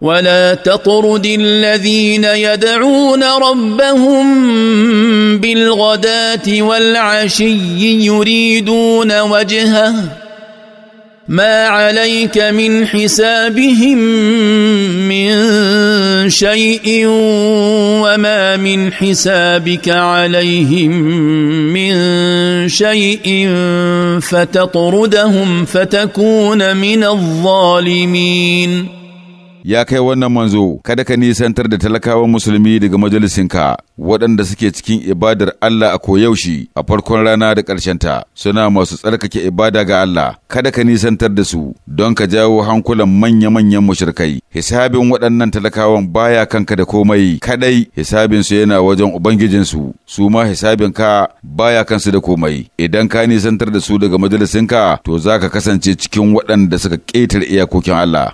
ولا تطرد الذين يدعون ربهم بالغداه والعشي يريدون وجهه ما عليك من حسابهم من شيء وما من حسابك عليهم من شيء فتطردهم فتكون من الظالمين ya kai wannan manzo kada ka nisantar da talakawan musulmi daga majalisinka waɗanda suke cikin ibadar Allah a koyaushe a farkon rana da ta suna masu tsarkake ibada ga Allah kada ka nisantar da su don ka jawo hankulan manya-manyan mushrikai hisabin waɗannan talakawan baya kanka da komai kadai hisabin su yana wajen ubangijinsu su ma hisabin ka baya kansu da komai idan ka nisantar da su daga majalisinka to za ka kasance cikin waɗanda suka ƙetare iyakokin Allah